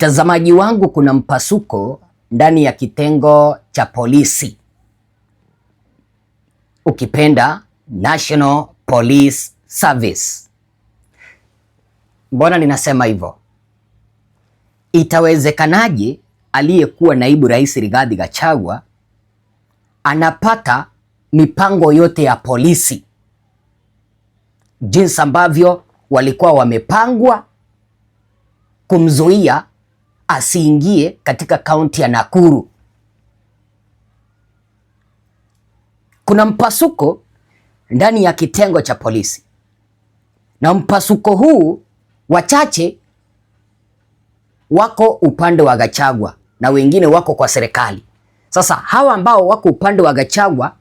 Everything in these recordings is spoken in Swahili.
Mtazamaji wangu, kuna mpasuko ndani ya kitengo cha polisi, ukipenda National Police Service. Mbona ninasema hivyo? Itawezekanaje aliyekuwa naibu rais Rigathi Gachagua anapata mipango yote ya polisi jinsi ambavyo walikuwa wamepangwa kumzuia asiingie katika kaunti ya Nakuru. Kuna mpasuko ndani ya kitengo cha polisi, na mpasuko huu wachache wako upande wa Gachagua na wengine wako kwa serikali. Sasa hawa ambao wako upande wa Gachagua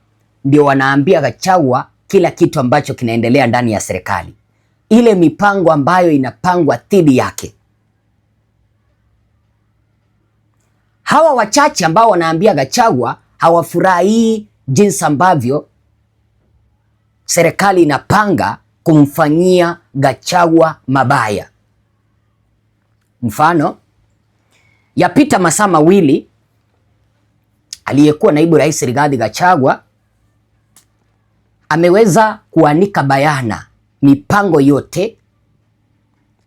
ndio wanaambia Gachagua kila kitu ambacho kinaendelea ndani ya serikali, ile mipango ambayo inapangwa dhidi yake. hawa wachache ambao wanaambia Gachagua hawafurahii jinsi ambavyo serikali inapanga kumfanyia Gachagua mabaya. Mfano, yapita masaa mawili aliyekuwa naibu rais Rigathi Gachagua ameweza kuanika bayana mipango yote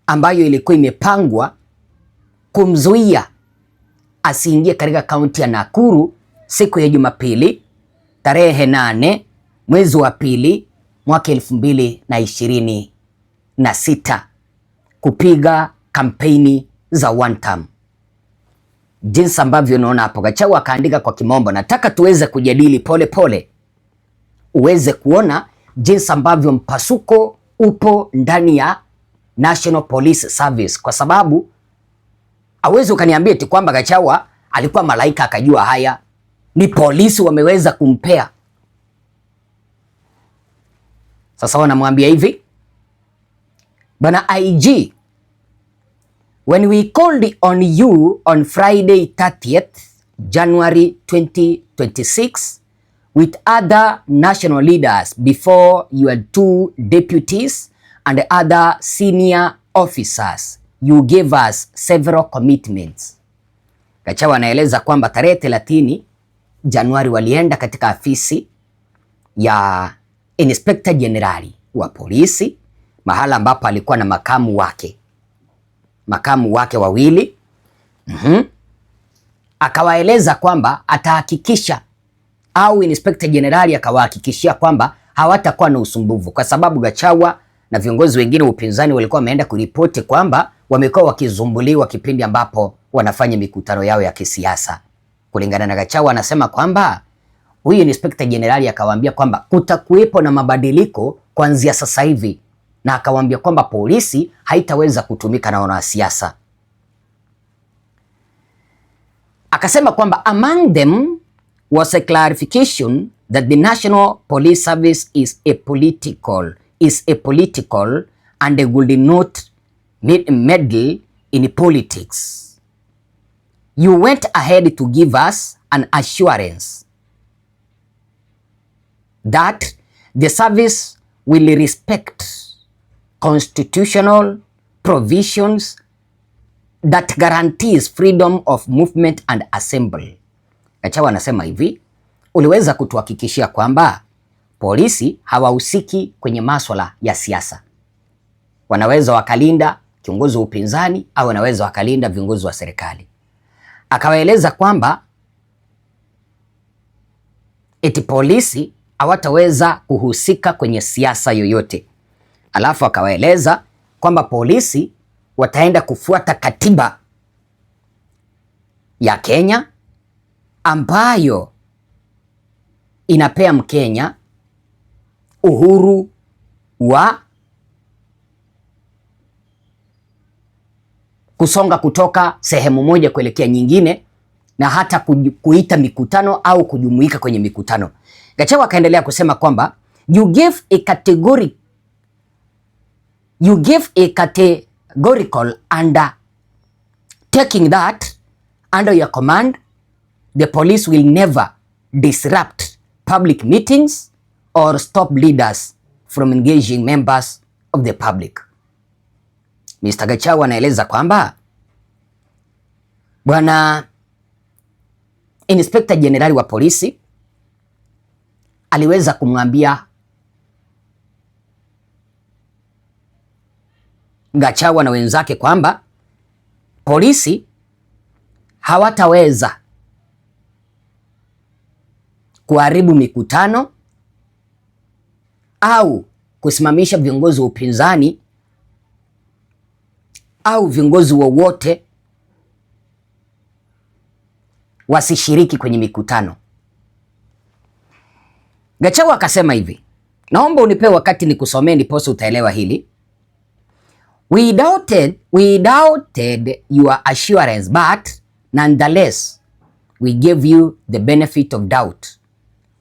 ambayo ilikuwa imepangwa kumzuia asiingie katika kaunti ya Nakuru siku ya Jumapili tarehe nane mwezi wa pili mwaka elfu mbili na ishirini na sita kupiga kampeni za one term. Jinsi ambavyo unaona hapo, Gachagua akaandika kwa kimombo, nataka tuweze kujadili polepole pole, uweze kuona jinsi ambavyo mpasuko upo ndani ya National Police Service kwa sababu awezi ukaniambia eti kwamba Gachagua alikuwa malaika akajua haya. Ni polisi wameweza kumpea. Sasa wanamwambia hivi, Bana IG, when we called on you on Friday 30th January 2026 with other national leaders before your two deputies and other senior officers you gave us several commitments. Gachagua anaeleza kwamba tarehe 30 Januari walienda katika afisi ya Inspector General wa polisi, mahala ambapo alikuwa na makamu wake makamu wake wawili mm -hmm. Akawaeleza kwamba atahakikisha au Inspector General akawahakikishia kwamba hawatakuwa na usumbufu, kwa sababu Gachagua na viongozi wengine wa upinzani walikuwa wameenda kuripoti kwamba wamekuwa wakizumbuliwa kipindi ambapo wanafanya mikutano yao ya kisiasa. Kulingana na Gachagua, anasema kwamba huyu inspekta jenerali akawaambia kwamba kutakuwepo na mabadiliko kuanzia sasa hivi, na akawaambia kwamba polisi haitaweza kutumika na wanasiasa. Akasema kwamba among them was a clarification that the National Police Service is a political is political and would not meddle in politics. You went ahead to give us an assurance that the service will respect constitutional provisions that guarantees freedom of movement and assembly. Achawa anasema hivi, uliweza kutuhakikishia kwamba Polisi hawahusiki kwenye maswala ya siasa. Wanaweza wakalinda kiongozi wa upinzani au wanaweza wakalinda viongozi wa serikali. Akawaeleza kwamba eti polisi hawataweza kuhusika kwenye siasa yoyote, alafu akawaeleza kwamba polisi wataenda kufuata katiba ya Kenya ambayo inapea Mkenya uhuru wa kusonga kutoka sehemu moja kuelekea nyingine na hata kuita mikutano au kujumuika kwenye mikutano. Gachagua akaendelea kusema kwamba you give a category you give a categorical under taking that under your command the police will never disrupt public meetings or stop leaders from engaging members of the public. Mr. Gachagua anaeleza kwamba bwana Inspector Jenerali wa polisi aliweza kumwambia Gachagua na wenzake kwamba polisi hawataweza kuharibu mikutano au kusimamisha viongozi wa upinzani au viongozi wowote wa wasishiriki kwenye mikutano. Gachagua akasema hivi, naomba unipe wakati nikusomee ndiposa utaelewa hili. We doubted, we doubted your assurance but nonetheless we gave you the benefit of doubt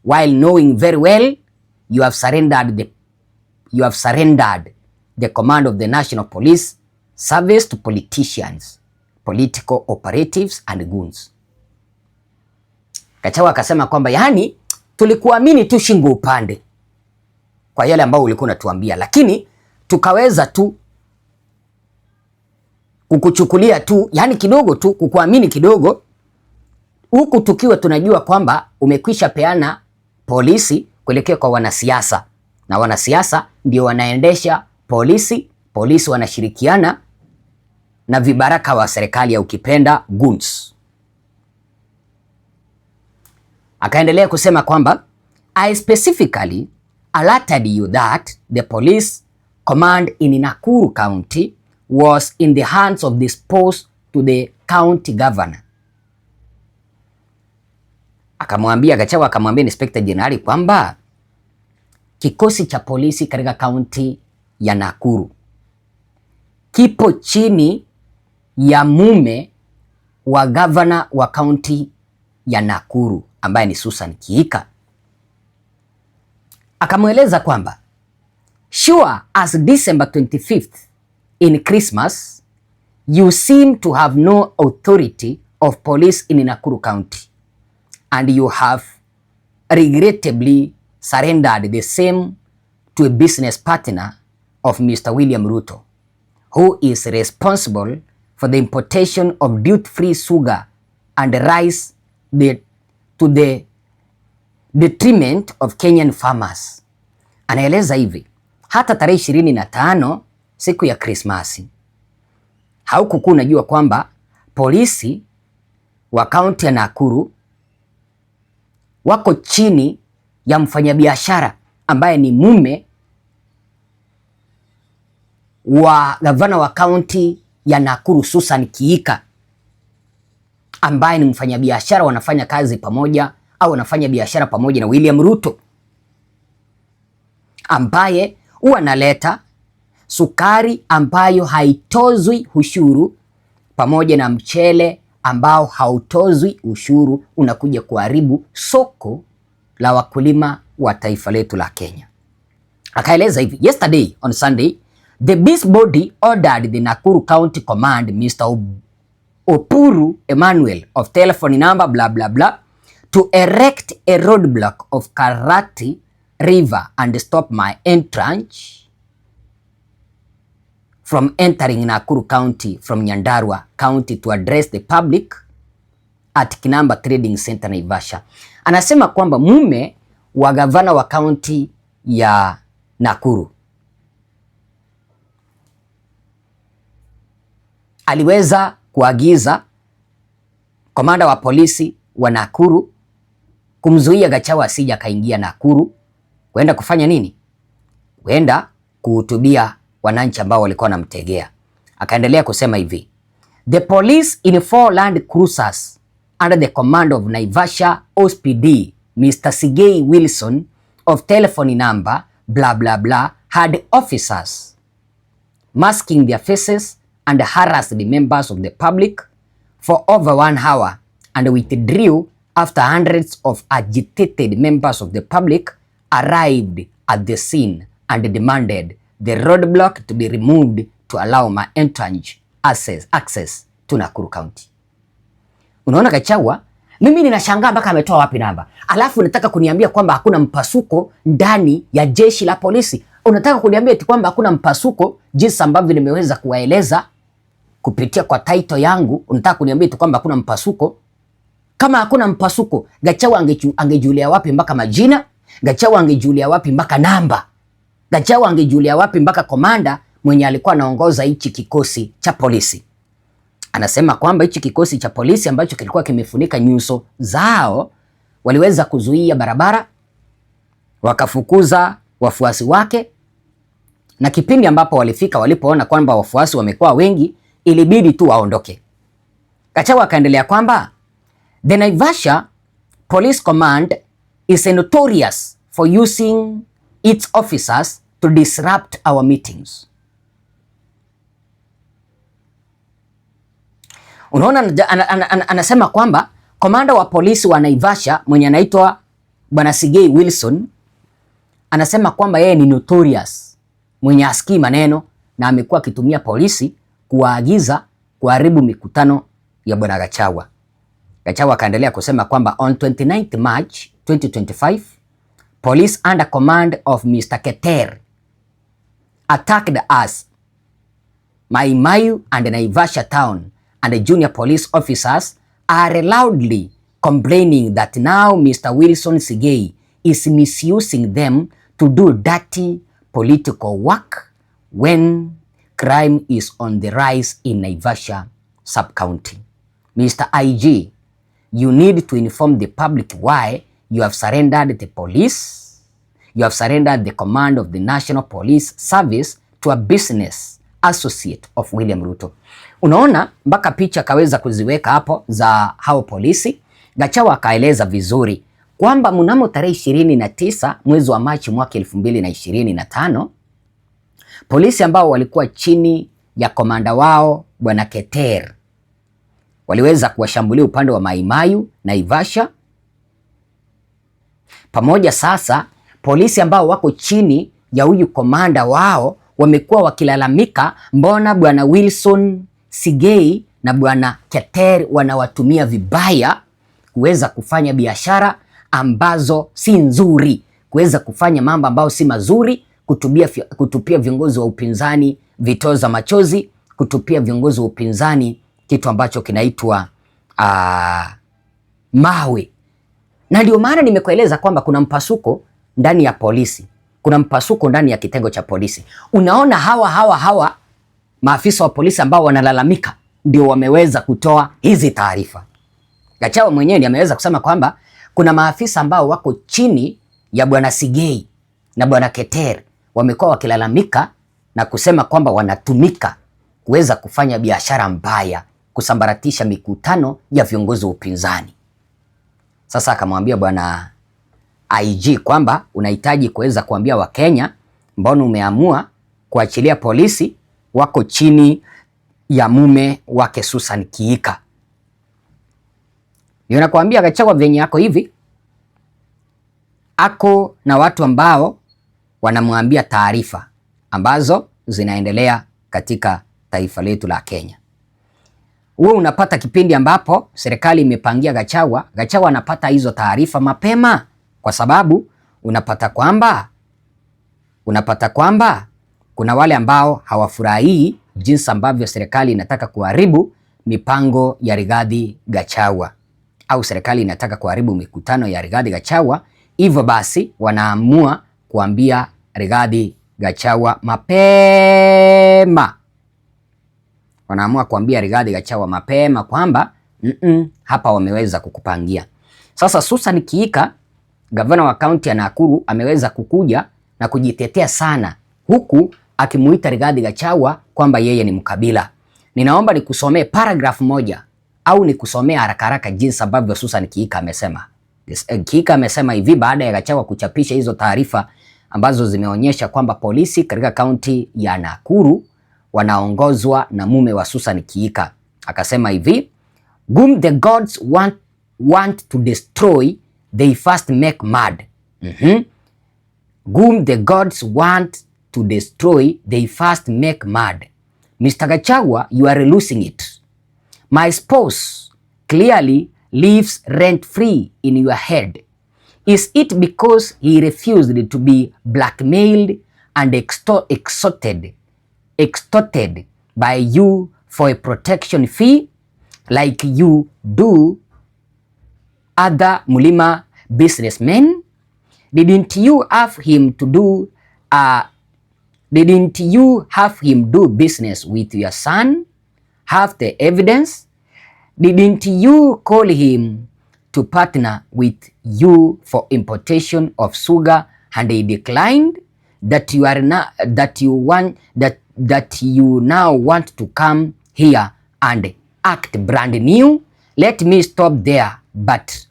while knowing very well you have surrendered the, you have surrendered the command of the national police service to politicians, political operatives and goons. Gachagua akasema kwamba yani, tulikuamini tu shingo upande kwa yale ambayo ulikuwa unatuambia, lakini tukaweza tu kukuchukulia tu yani kidogo tu kukuamini kidogo, huku tukiwa tunajua kwamba umekwisha peana polisi kuelekea kwa wanasiasa, na wanasiasa ndio wanaendesha polisi. Polisi wanashirikiana na vibaraka wa serikali ya ukipenda goons. Akaendelea kusema kwamba I specifically alerted you that the police command in Nakuru County was in the hands of this post to the county governor. Akamwambia Gachagua, akamwambia Inspector general kwamba Kikosi cha polisi katika kaunti ya Nakuru kipo chini ya mume wa gavana wa kaunti ya Nakuru ambaye ni Susan Kihika. Akamweleza kwamba sure as December 25th in Christmas you seem to have no authority of police in Nakuru county and you have regrettably surrendered the same to a business partner of Mr. William Ruto, who is responsible for the importation of duty-free sugar and rice the, to the detriment of Kenyan farmers. Anaeleza hivi, hata tarehe ishirini na tano siku ya Krismasi haukukuu unajua kwamba polisi wa kaunti ya Nakuru wako chini ya mfanyabiashara ambaye ni mume wa gavana wa kaunti ya Nakuru Susan Kiika, ambaye ni mfanyabiashara, wanafanya kazi pamoja au wanafanya biashara pamoja na William Ruto, ambaye huwa analeta sukari ambayo haitozwi ushuru pamoja na mchele ambao hautozwi ushuru, unakuja kuharibu soko la wakulima wa taifa letu la Kenya. Akaeleza hivi, yesterday on Sunday the beast body ordered the Nakuru County Command Mr. Opuru Emmanuel of telephone number blah blah blah to erect a roadblock of Karati River and stop my entrance from entering Nakuru County from Nyandarua County to address the public at Kinamba Trading Center Naivasha anasema kwamba mume wa gavana wa kaunti ya Nakuru aliweza kuagiza komanda wa polisi wa Nakuru kumzuia Gachagua asija akaingia Nakuru kwenda kufanya nini? Kwenda kuhutubia wananchi ambao walikuwa wanamtegea. Akaendelea kusema hivi: The police in four land cruisers under the command of Naivasha OSPD Mr. Sigei Wilson of telephone number blah blah blah had officers masking their faces and harassed the members of the public for over one hour and withdrew after hundreds of agitated members of the public arrived at the scene and demanded the roadblock to be removed to allow my entrance access, access to Nakuru County. Unaona Gachagua, mimi ninashangaa mpaka ametoa wapi namba, alafu unataka kuniambia kwamba hakuna mpasuko ndani ya jeshi la polisi. Unataka kuniambia eti kwamba hakuna mpasuko jinsi ambavyo nimeweza kuwaeleza kupitia kwa title yangu. Unataka kuniambia eti kwamba hakuna mpasuko? Kama hakuna mpasuko, Gachagua angeju, angejulia wapi mpaka majina? Gachagua angejulia wapi mpaka namba? Gachagua angejulia wapi mpaka komanda mwenye alikuwa anaongoza hichi kikosi cha polisi? Anasema kwamba hichi kikosi cha polisi ambacho kilikuwa kimefunika nyuso zao waliweza kuzuia barabara, wakafukuza wafuasi wake, na kipindi ambapo walifika, walipoona kwamba wafuasi wamekuwa wengi, ilibidi tu waondoke. Gachagua akaendelea kwamba the Naivasha Police Command is notorious for using its officers to disrupt our meetings Unaona anasema kwamba komanda wa polisi wa Naivasha mwenye anaitwa Bwana Sigei Wilson anasema kwamba yeye ni notorious mwenye asikii maneno na amekuwa akitumia polisi kuwaagiza kuharibu mikutano ya Bwana Gachawa. Gachawa akaendelea kusema kwamba on 29 March 2025 police under command of Mr. Keter attacked us Mai Mahiu and Naivasha town and the junior police officers are loudly complaining that now Mr. Wilson Sigei is misusing them to do dirty political work when crime is on the rise in Naivasha sub-county. Mr. IG, you need to inform the public why you have surrendered the police, you have surrendered the command of the National Police Service to a business associate of William Ruto. Unaona, mpaka picha kaweza kuziweka hapo za hao polisi. Gachagua akaeleza vizuri kwamba mnamo tarehe ishirini na tisa mwezi wa Machi mwaka elfu mbili na ishirini na tano polisi ambao walikuwa chini ya komanda wao bwana Keter waliweza kuwashambulia upande wa Maimayu na Ivasha pamoja. Sasa polisi ambao wako chini ya huyu komanda wao wamekuwa wakilalamika, mbona bwana Wilson Sigei na bwana Keter wanawatumia vibaya kuweza kufanya biashara ambazo si nzuri, kuweza kufanya mambo ambayo si mazuri, kutubia, kutupia viongozi wa upinzani vitoza machozi, kutupia viongozi wa upinzani kitu ambacho kinaitwa ah, mawe. Na ndio maana nimekueleza kwamba kuna mpasuko ndani ya polisi, kuna mpasuko ndani ya kitengo cha polisi. Unaona hawa hawa hawa maafisa wa polisi ambao wanalalamika ndio wameweza kutoa hizi taarifa. Gachagua mwenyewe ndiye ameweza kusema kwamba kuna maafisa ambao wako chini ya bwana Sigei na bwana Keter wamekuwa wakilalamika na kusema kwamba wanatumika kuweza kufanya biashara mbaya, kusambaratisha mikutano ya viongozi wa upinzani. Sasa akamwambia bwana IG kwamba unahitaji kuweza kuambia Wakenya, mbona umeamua kuachilia polisi wako chini ya mume wake Susan Kiika. Ndio nakwambia Gachagua venye ako hivi, ako na watu ambao wanamwambia taarifa ambazo zinaendelea katika taifa letu la Kenya. Wewe unapata kipindi ambapo serikali imepangia Gachagua, Gachagua anapata hizo taarifa mapema, kwa sababu unapata kwamba unapata kwamba kuna wale ambao hawafurahii jinsi ambavyo serikali inataka kuharibu mipango ya Rigathi Gachagua au serikali inataka kuharibu mikutano ya Rigathi Gachagua. Hivyo basi wanaamua kuambia Rigathi Gachagua mapema, wanaamua kuambia Rigathi Gachagua mapema kwamba mm -mm, hapa wameweza kukupangia. Sasa Susan Kiika, gavana wa kaunti ya Nakuru, ameweza kukuja na kujitetea sana, huku akimuita Rigathi Gachagua kwamba yeye ni mkabila. Ninaomba nikusomee paragraph moja au nikusomee haraka haraka jinsi ambavyo Susan Kihika amesema. Eh, Kihika amesema hivi baada ya Gachagua kuchapisha hizo taarifa ambazo zimeonyesha kwamba polisi katika kaunti ya Nakuru wanaongozwa na mume wa Susan Kihika. Akasema hivi, whom the gods want, want to destroy they first make mad. Mm -hmm. Whom the gods want to destroy, they first make mad Mr. Gachagua, you are losing it. My spouse clearly lives rent-free in your head. Is it because he refused to be blackmailed and extorted, extorted by you for a protection fee like you do other Mulima businessmen? Didn't you ask him to do a Didn't you have him do business with your son? Have the evidence? Didn't you call him to partner with you for importation of sugar and he declined? That you are now, that you want, that, that you now want to come here and act brand new? Let me stop there, but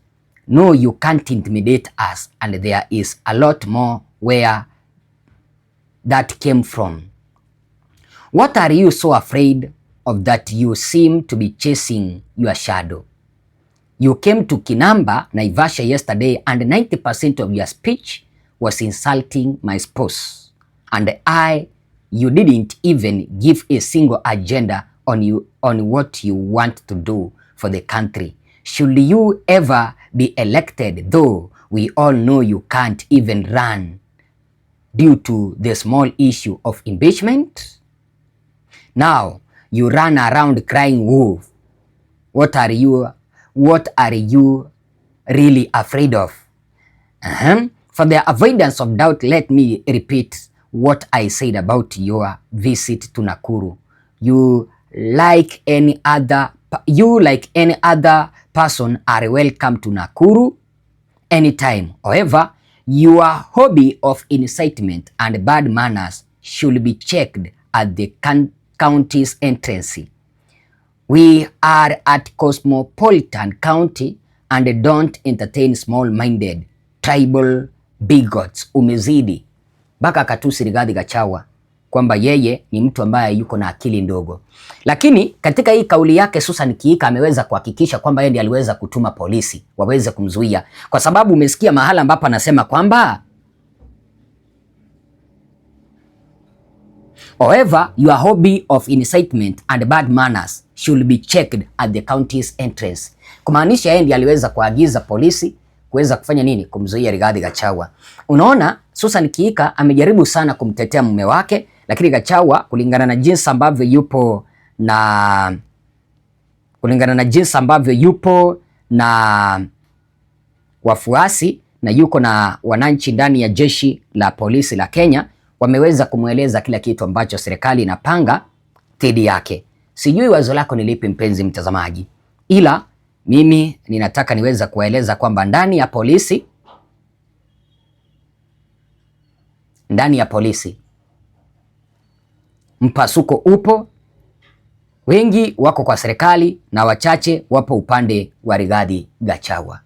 no, you can't intimidate us and there is a lot more where that came from? What are you so afraid of that you seem to be chasing your shadow? You came to Kinamba, Naivasha yesterday and 90% of your speech was insulting my spouse. And I, you didn't even give a single agenda on, you, on what you want to do for the country. Should you ever be elected, though we all know you can't even run due to the small issue of impeachment? Now you run around crying wolf. What are you, what are you really afraid of? Uh -huh. For the avoidance of doubt, let me repeat what I said about your visit to Nakuru. You like any other, you like any other person are welcome to Nakuru anytime. However, Your hobby of incitement and bad manners should be checked at the county's entrance. We are at Cosmopolitan County and don't entertain small-minded tribal bigots. Umezidi mpaka Katusi Rigathi Gachagua kwamba yeye ni mtu ambaye yuko na akili ndogo. Lakini katika hii kauli yake Susan Kihika ameweza kuhakikisha kwamba yeye ndiye aliweza kutuma polisi waweze kumzuia, kwa sababu umesikia mahala ambapo anasema kwamba However, your hobby of incitement and bad manners should be checked at the county's entrance. Kumaanisha yeye ndiye aliweza kuagiza polisi kuweza kufanya nini? Kumzuia Rigathi Gachagua. Unaona, Susan Kiika amejaribu sana kumtetea mume wake lakini Gachagua kulingana na jinsi ambavyo yupo na kulingana na jinsi ambavyo yupo na wafuasi na yuko na wananchi ndani ya jeshi la polisi la Kenya, wameweza kumweleza kila kitu ambacho serikali inapanga dhidi yake. Sijui wazo lako ni lipi, mpenzi mtazamaji, ila mimi ninataka niweza kuwaeleza kwamba ndani ya polisi ndani ya polisi Mpasuko upo, wengi wako kwa serikali na wachache wapo upande wa Rigathi Gachagua.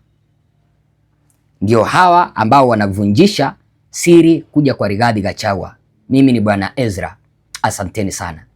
Ndio hawa ambao wanavunjisha siri kuja kwa Rigathi Gachagua. Mimi ni Bwana Ezra, asanteni sana.